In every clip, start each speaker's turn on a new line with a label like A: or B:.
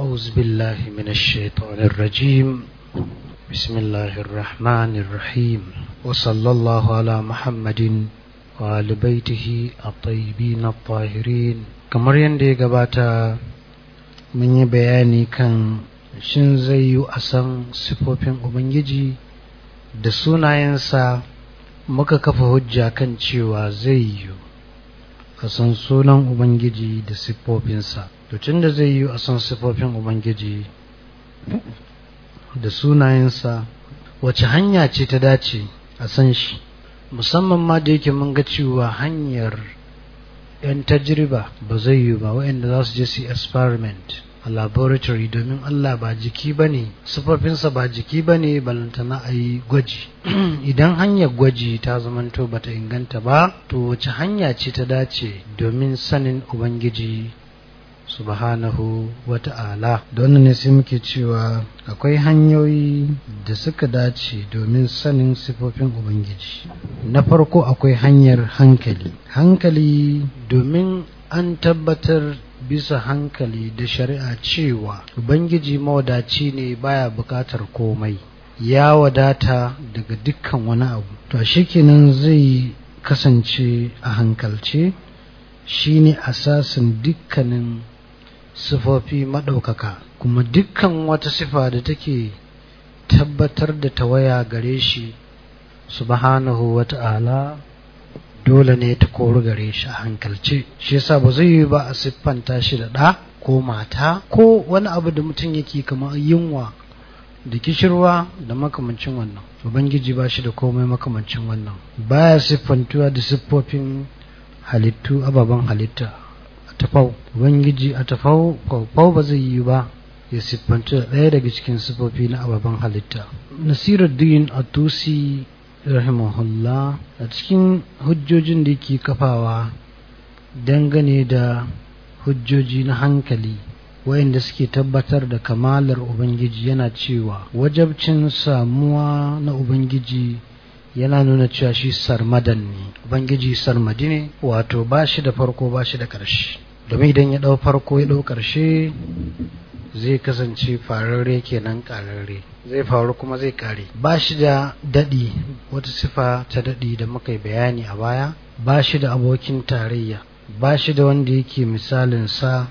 A: أعوذ mina من الشيطان الرجيم بسم الله الرحمن الرحيم وصلى الله على kamar yadda ya gabata mun yi bayani kan shin zai yiwu a san sifofin ubangiji da sunayensa muka kafa hujja kan cewa zai yiwu ka san sunan ubangiji da siffofinsa to tun da zai yi a san siffofin ubangiji da sunayensa wace hanya ce ta dace a san shi musamman ma da yake mun ga cewa hanyar 'yan tajriba ba zai yi ba waɗanda za su je su experiment a laboratory domin Allah ba jiki ba ne sufafinsa ba jiki ba ne balantana a yi gwaji idan hanyar gwaji ta zamanto ba ta inganta ba to wace hanya ce ta dace domin sanin ubangiji subhanahu wa ta'ala don ne sai muke cewa akwai hanyoyi da suka dace domin sanin sifofin ubangiji na farko akwai hanyar hankali hankali domin an tabbatar bisa hankali da shari'a cewa ubangiji mawadaci ne baya bukatar komai ya wadata daga dukkan wani abu to shikenan zai kasance a hankalce shi shine asasin dukkanin sifofi maɗaukaka kuma dukkan wata sifa da take tabbatar da tawaya gare shi subhanahu wa ta'ala dole ne ta koru gare shi a hankalce shi yasa ba zai yi ba a siffanta shi da ɗa ko mata ko wani abu da mutum yake kamar yunwa da kishirwa da makamancin wannan ubangiji ba shi da komai makamancin wannan baya siffantuwa da siffofin halittu ababen halitta a tafau ubangiji a tafau kwakwau ba zai yi ba ya siffantu da ɗaya daga cikin siffofi na ababen halitta nasiruddin atusi rahimahullah a cikin hujjojin da yake kafawa dangane da hujjoji na hankali wayanda suke tabbatar da kamalar ubangiji yana cewa wajabcin samuwa na ubangiji yana nuna cewa shi sarmadan ne ubangiji sarmadi ne wato ba shi da farko ba shi da ƙarshe domin idan ya ɗau farko ya ɗau ƙarshe zai kasance fararre kenan kararre zai faru kuma zai kare ba shi da daɗi wata sifa ta daɗi da muka bayani a baya ba shi da abokin tarayya ba shi da wanda yake misalin sa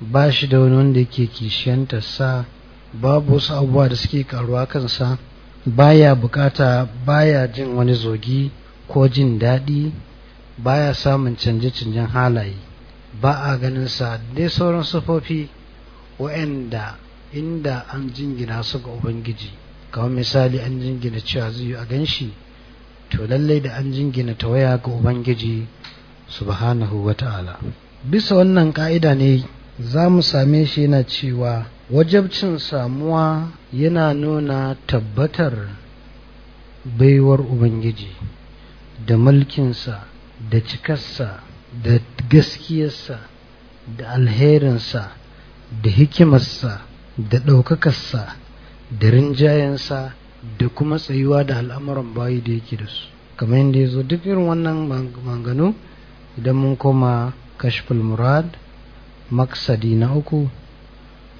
A: ba shi da wani wanda yake kishiyantar sa babu wasu abubuwa da suke karuwa kansa baya bukata baya jin wani zogi ko jin daɗi baya samun canje-canjen halaye ba a ganin sa dai sauran sufofi wa'anda inda an jingina su ga ubangiji kamar misali an jingina cewa zai yi a ganshi to lallai da an jingina ta waya ga ubangiji subhanahu wa ta'ala. bisa wannan ka'ida ne za mu same shi yana cewa wajabcin samuwa yana nuna tabbatar baiwar ubangiji da mulkinsa da cikarsa da gaskiyarsa da alherinsa da hikimarsa da ɗaukakarsa da rinjayensa da kuma tsayuwa da al'amuran bayi da yake da su kamar yadda ya zo duk irin wannan manganu idan mun koma kashful murad maksadi na uku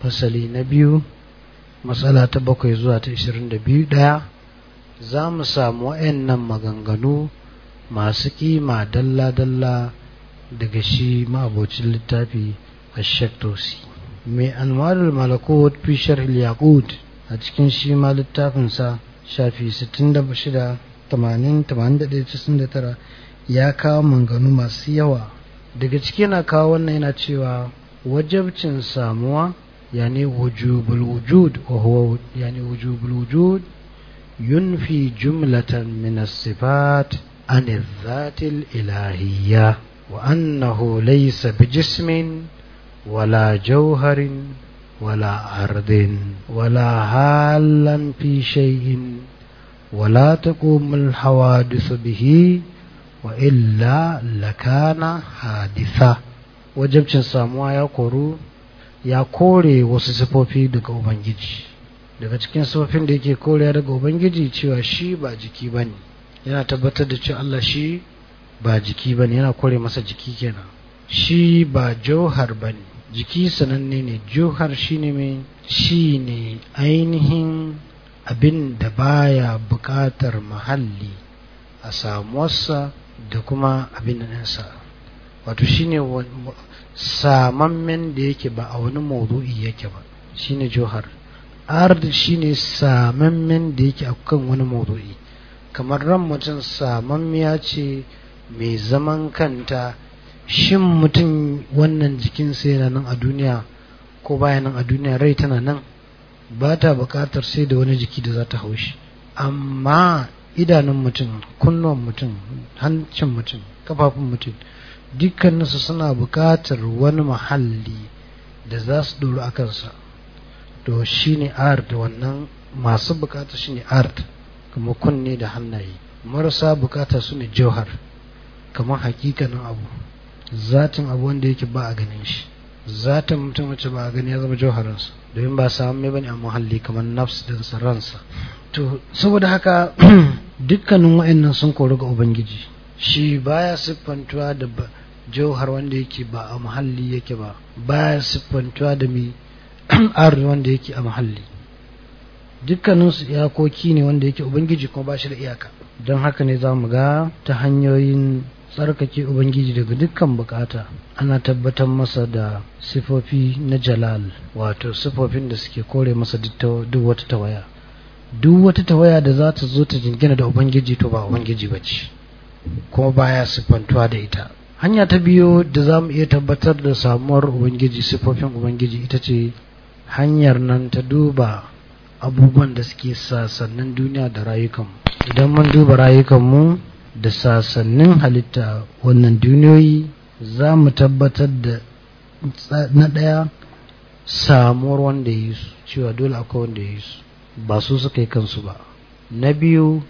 A: fasali na biyu matsala ta bakwai zuwa ta ishirin da biyu ɗaya za mu samu wa'annan maganganu masu kima dalla-dalla daga shi ma'abocin littafi a shektosi mai anwarul malakot fi sharhil yaqut a cikin shi ma littafin sa shafi 66 80 ya kawo manganu masu yawa daga ciki na kawo wannan yana cewa wajabcin samuwa yani wujubul wujud wa huwa yani wujubul wujud ينفي جملة من الصفات عن الذات الإلهية وأنه ليس بجسم ولا جوهر ولا أرض ولا حالا في شيء ولا تقوم الحوادث به وإلا لكان حادثا wajabcin samuwa ya koru ya kore wasu sifofi daga ubangiji daga cikin sifofin da yake korewa daga ubangiji cewa shi ba jiki ba ne yana tabbatar da cewa allah shi ba jiki ba yana kore masa jiki kenan shi ba jauhar bane. jiki sananne ne johar shine mai shine ainihin abin da baya buƙatar mahalli a samuwarsa da kuma abin ɗinsa wato shine samammen da yake ba a wani maudu'i yake ba shine johar ard shine samammen da yake a kan wani maudu'i kamar ran mutum samammiya ce mai zaman kanta shin mutum wannan jikin yana nan a duniya ko baya nan a duniya rai tana nan ba ta bukatar sai da wani jiki da za ta haushi amma idanun mutum kunnuwan mutum hancin mutum kafafun mutum dukkaninsu suna bukatar wani mahalli da za su doro a kansa to shine art wannan masu bukata shine art kuma kunne da hannaye marasa bukata su ne jauhar kamar hakikanin abu zatin abu wanda yake ba a ganin shi zatin mutum wacce ba a gani ya zama jauharinsa domin ba samun mai bane a muhalli kamar nafs din ransa to saboda haka dukkanin wa'annan sun kori ga ubangiji shi baya siffantuwa da jauhar wanda yake ba a muhalli yake ba baya siffantuwa da mi arni wanda yake a muhalli dukkaninsu iyakoki ne wanda yake ubangiji kuma ba shi da iyaka don haka ne za mu ga ta hanyoyin tsarkake ubangiji daga dukkan bukata ana tabbatar masa da sifofi na jalal wato sifofin da suke kore masa duk wata tawaya duk wata tawaya da za ta zo ta jingina da ubangiji to ba ubangiji ba ce kuma baya sifantuwa da ita hanya ta biyu da za mu iya tabbatar da samuwar ubangiji sifofin ubangiji ita ce hanyar nan ta duba abubuwan da suke sa sannan duniya da rayukanmu idan mun duba rayukanmu da sasannin halitta wannan duniyoyi za mu tabbatar da na ɗaya samuwar wanda ya yi su cewa dole akwai wanda ya yi su ba su suka yi kansu ba na biyu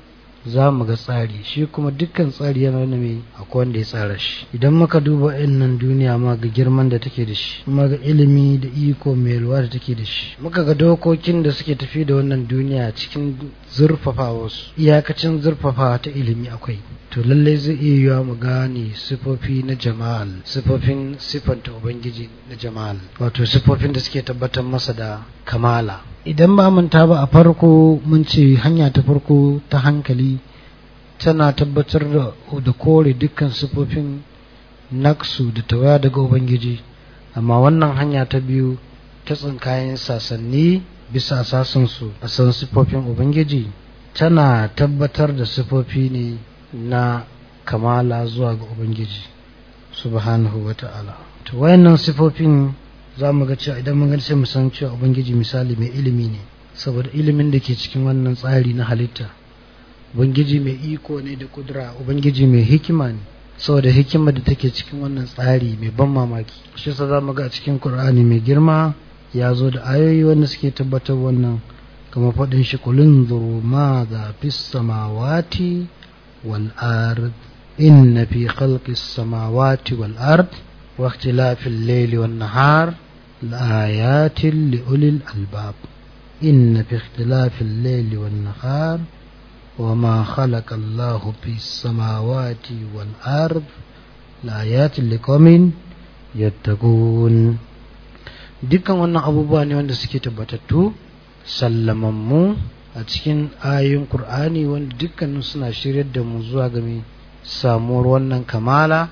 A: za mu ga tsari shi kuma dukkan tsari yana nuna mai akwai wanda ya tsara shi idan muka duba nan duniya ma ga girman da take da shi kuma ga ilimi da iko mai ruwa da take da shi muka ga dokokin da suke tafi da wannan duniya cikin zurfafa wasu iyakacin zurfafa ta ilimi akwai to lallai zai iya yiwa mu gane sifofi na jama'al sifofin sifanta ubangiji na jama'al wato sifofin da suke tabbatar masa da kamala idan ba manta ba a farko mun ce hanya ta farko ta hankali tana tabbatar da kore dukkan sifofin naksu da tawaya daga ubangiji amma wannan hanya ta biyu ta tsinkayen sasanni bisa sasansu a san sifofin ubangiji tana tabbatar da sifofi ne na kamala zuwa ga ubangiji subhanahu wa ta'ala to wayannan siffofin za mu ga cewa idan mun gani sai mu san cewa ubangiji misali mai ilimi ne saboda ilimin da ke cikin wannan tsari na halitta ubangiji mai iko ne da kudura ubangiji mai hikima ne saboda hikima da take cikin wannan tsari mai ban mamaki shi sa za mu ga cikin Kur'ani mai girma yazo da ayoyi wanda suke tabbatar wannan kuma fadin shi kulun zuru ma za fi samawati wal ard in fi khalqi samawati wal ard wa ikhtilafil layli wan nahar laayatin li ulil albab in fi ikhtilafil layli wan nahar وما خلق الله في السماوات والأرض لآيات لقوم يتقون dukkan wannan abubuwa ne wanda suke tabbatattu sallamanmu a cikin ayin kur'ani wanda dukkanin suna shirya da mu zuwa ga samuwar wannan kamala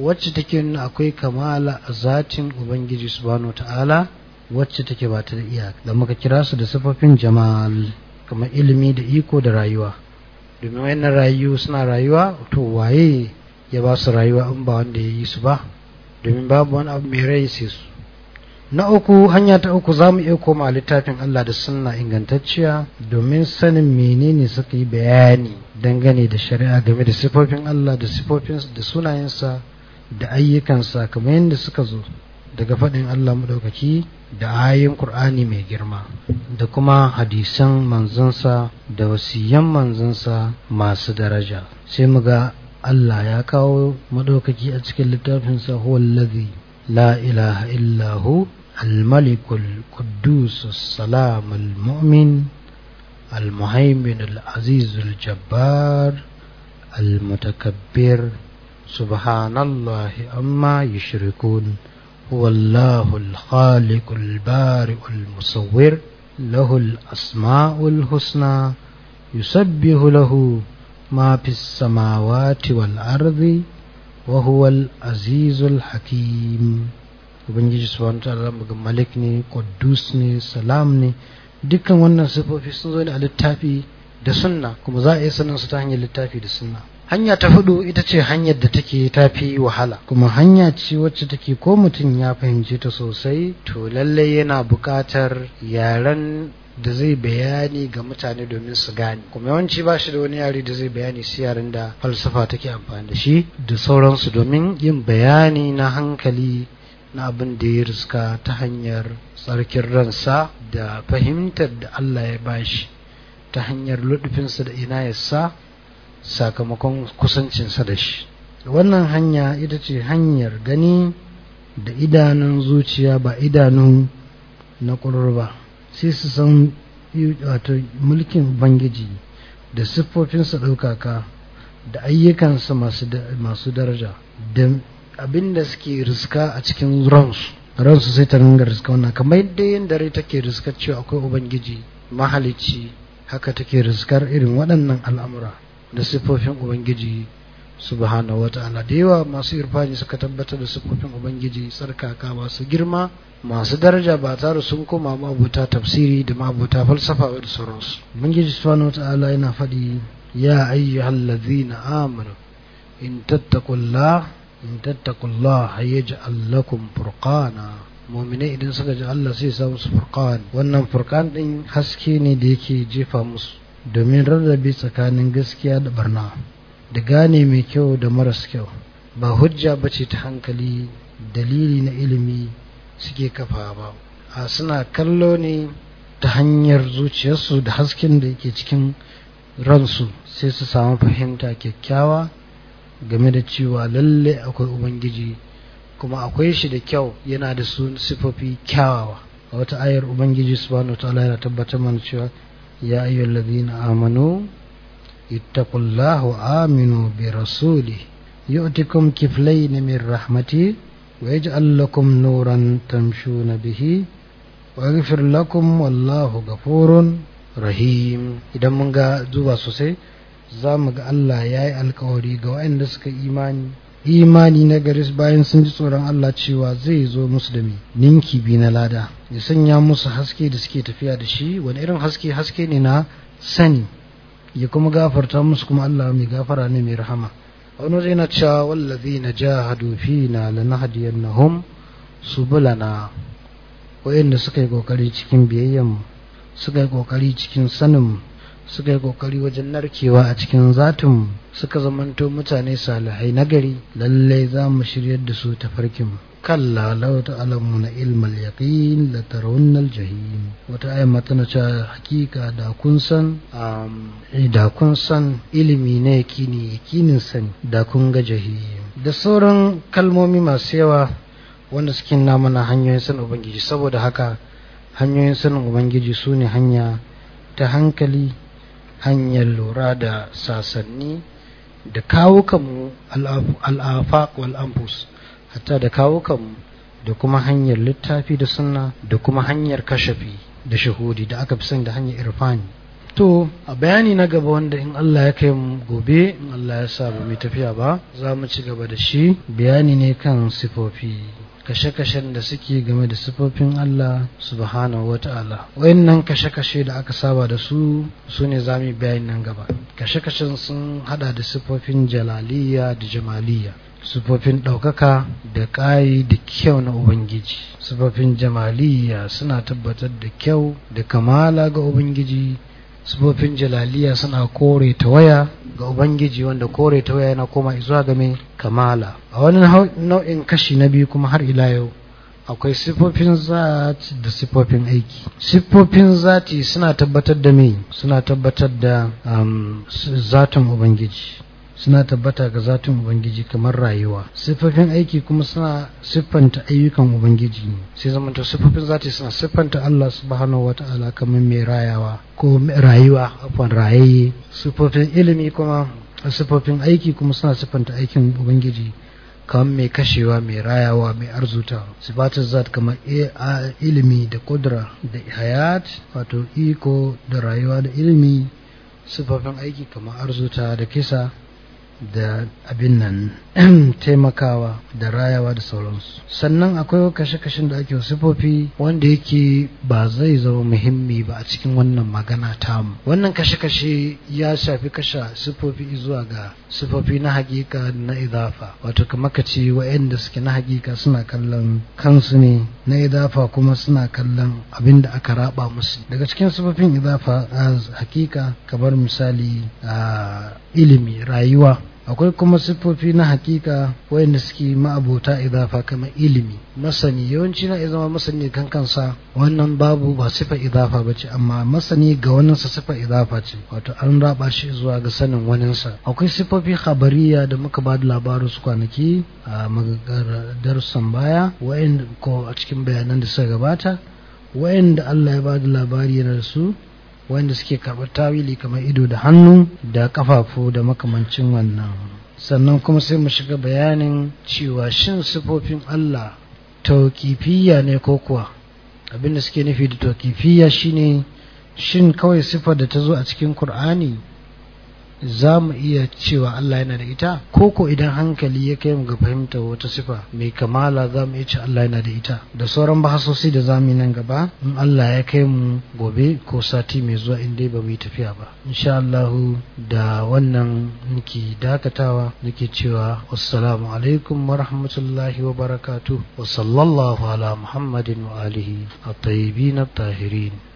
A: wacce take nuna akwai kamala a zatin ubangiji subhanahu ta'ala wacce take ba ta da iyaka da muka kira su da sifofin jamal kamar ilimi da iko da rayuwa domin wayannan rayu suna rayuwa to waye ya ba su rayuwa in ba wanda ya yi su ba domin babu wani abu mai rai sai su na uku hanya ta uku za mu iya koma littafin Allah da sunna ingantacciya domin sanin menene suka yi bayani dangane da shari'a game da sifofin Allah da sifofin da sunayensa da ayyukansa kamar yadda suka zo daga faɗin Allah maɗaukaki da ayin Kur'ani mai girma da kuma hadisan manzansa da wasiyan manzansa masu daraja sai mu ga Allah ya kawo maɗaukaki a cikin littafinsa huwallazi لا إله إلا هو الملك القدوس السلام المؤمن المهيمن العزيز الجبار المتكبر سبحان الله أما يشركون هو الله الخالق البارئ المصور له الأسماء الحسنى يسبح له ما في السماوات والأرض wa al azizul hakim ubangiji subhanahu ta'ala ga malik ne quddus ne salam ne dukkan wannan sifofi sun zo ne a littafi da sunna kuma za a yi sanin su ta hanyar littafi da sunna hanya ta hudu ita ce hanyar da take tafi wahala kuma hanya ce wacce take ko mutum ya fahimce ta sosai to lallai yana buƙatar yaren da zai bayani ga mutane domin su gane kuma yawanci ba shi da wani yare da zai bayani su yaren da falsafa take amfani da shi da sauransu domin yin bayani na hankali na abin da ya riska ta hanyar tsarkin ransa da fahimtar da Allah ya bashi ta hanyar luɗufinsa da inayarsa sakamakon kusancinsa da shi wannan hanya ita ce hanyar gani da idanun zuciya ba idanun na ƙurur ba sai su san wato mulkin ubangiji da siffofinsa ɗaukaka da ayyukansa masu daraja da abin da suke riska a cikin ransu ransu sai ta ringa riska wannan kamar yadda yin dare take riska cewa akwai ubangiji mahalicci haka take riskar irin waɗannan al'amura da siffofin ubangiji subhanahu ta'ala da yawa masu irfani suka tabbatar da sukufin ubangiji tsarkaka masu girma masu daraja ba tare sun koma mabuta tafsiri da mabuta falsafa da sauransu ubangiji subhanahu ta'ala yana faɗi ya ayyuhal ladzina amanu in tattaqullah in tattaqullah yaj'al lakum furqana mu'minai idan suka ji Allah sai ya musu furqan wannan furqan din haske ne da yake jefa musu domin rarrabe tsakanin gaskiya da barna da gane mai kyau da maras kyau ba hujja ba ce ta hankali dalili na ilimi suke kafa ba a suna kallo ne ta hanyar zuciyarsu da hasken da ke cikin ransu sai su samu fahimta kyakkyawa game da cewa lalle akwai ubangiji kuma akwai shi da kyau yana da su sifofi kyawawa a wata ayar ubangiji subhanahu wa ta'ala yana tabbatar mana cewa ya ayyuhallazina amanu bi rasulih yu'tikum kiflayn min rahmati wa yaj'al lakum nuran tamshuna bihi wa yaghfir lakum wallahu ghafurun rahim idan mun ga zuwa sosai za mu ga Allah ya yi alkawari ga waɗanda suka imani imani na gari bayan sun ji tsoron Allah cewa zai zo musu da ninki bi na lada ya sanya musu haske da suke tafiya da shi wani irin haske haske ne na sani ya kuma gafarta musu kuma Allah mai gafara ne mai rahama wani zai na cewa wallazi na na jahadu fina lanahdiyannahum subulana wayanda suka yi kokari cikin biyayyan suka yi kokari cikin sanin suka yi kokari wajen narkewa a cikin zatin suka zamanto mutane salihai nagari lallai za mu shiryar da su tafarkin kalla lau ta'lamuna ilmal yaqin la tarawunnal jahim wata ayi matana ta hakika da kun san da kun san ilimi ne yakini yakinin sani da kun ga jahim da sauran kalmomi masu yawa wanda suke na hanyoyin sanin ubangiji saboda haka hanyoyin sanin ubangiji su ne hanya ta hankali hanyar lura da sasanni da kawo kamu al'afaq wal anfus hatta da kawo kanmu da kuma hanyar littafi da sunna da kuma hanyar kashafi da shahudi da aka fi sani da hanyar irfani to a bayani na gaba wanda in Allah ya kai mu gobe in Allah ya sa ba mu tafiya ba za mu ci gaba da shi bayani ne kan sifofi kashe-kashen da suke game da sifofin Allah subhanahu wata'ala wayannan kashe-kashe da aka saba da su su ne za mu bayani nan gaba kashe-kashen sun hada da sifofin jalaliya da jamaliya sufofin ɗaukaka da ƙayi da kyau na ubangiji sufofin jamaliya suna tabbatar da kyau da kamala ga ubangiji sufofin jalaliya suna kore ta waya ga ubangiji wanda kore ta waya yana koma zuwa game kamala a wani nau'in kashi na biyu kuma har ila yau akwai sifofin zati da sifofin aiki sifofin zati suna tabbatar da mai suna tabbatar da um, zaton ubangiji suna tabbata ga zatin ubangiji kamar rayuwa siffofin aiki kuma suna siffanta ayyukan ubangiji ne sai zamanta siffofin zati suna siffanta Allah subhanahu wata'ala kamar mai rayawa ko rayuwa afwan rayaye siffofin ilimi kuma siffofin aiki kuma suna siffanta aikin ubangiji kamar mai kashewa mai rayawa mai arzuta sifatar zat kamar ilimi da kudura da hayat wato iko da rayuwa da ilimi siffofin aiki kamar arzuta da kisa da abin nan taimakawa da rayawa da sauransu sannan akwai kashe-kashen da ake sifofi wanda yake ba zai zama muhimmi ba a cikin wannan magana tamu wannan kashe-kashe ya shafi kasha sifofi zuwa ga sifofi na hakika na idafa wato kamar ka ce wa'anda suke na hakika suna kallon kansu ne na idafa kuma suna kallon abin da aka raba musu daga cikin sifofin idafa a hakika kamar misali a ilimi rayuwa akwai kuma siffofi na hakika wayanda suke ma'abota idafa kamar ilimi masani yawanci na ya zama masani kan kansa wannan babu ba sifa idafa ba ce amma masani ga wannan sa sifa idafa ce wato an raba shi zuwa ga sanin sa akwai siffofi habariya da muka ba da labarin su kwanaki a magagar baya wayanda ko a cikin bayanan da suka gabata wayanda Allah ya ba da labari yana da su wanda suke karɓar tawili kamar ido da hannu da ƙafafu da makamancin wannan sannan kuma sai mu shiga bayanin cewa shin sifofin Allah tauƙifiya ne ko kuwa abinda suke nufi da tauƙifiya shine shin kawai siffar da ta zo a cikin Kur'ani za mu iya cewa Allah yana da ita ko ko idan hankali ya kai mu ga fahimta wata sifa mai kamala za mu iya cewa Allah yana da ita da sauran bahasosi da zamu nan gaba in Allah ya kai mu gobe ko sati mai zuwa in dai ba mu yi tafiya ba insha Allah da wannan nake dakatawa nake cewa assalamu alaikum wa rahmatullahi wa barakatuh wa sallallahu ala muhammadin wa alihi at-tayyibin at-tahirin